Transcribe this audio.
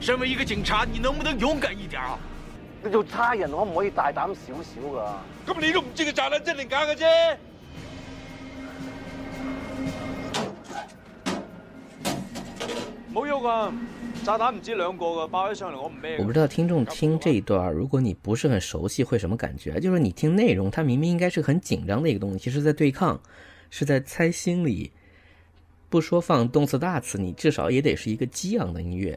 身為一個警察，你能不能勇敢一點啊？你做差人可唔可以大膽少少㗎？咁你都唔知個炸彈真定假嘅啫！冇用㗎！炸彈唔止兩個噶，爆起上嚟我唔咩。我不知道聽眾聽這一段，如果你不是很熟悉，會什麼感覺啊？就是你聽內容，它明明應該是很緊張的一個東西，其實在對抗，是在猜心理。不說放動次打次，你至少也得是一個激昂的音樂。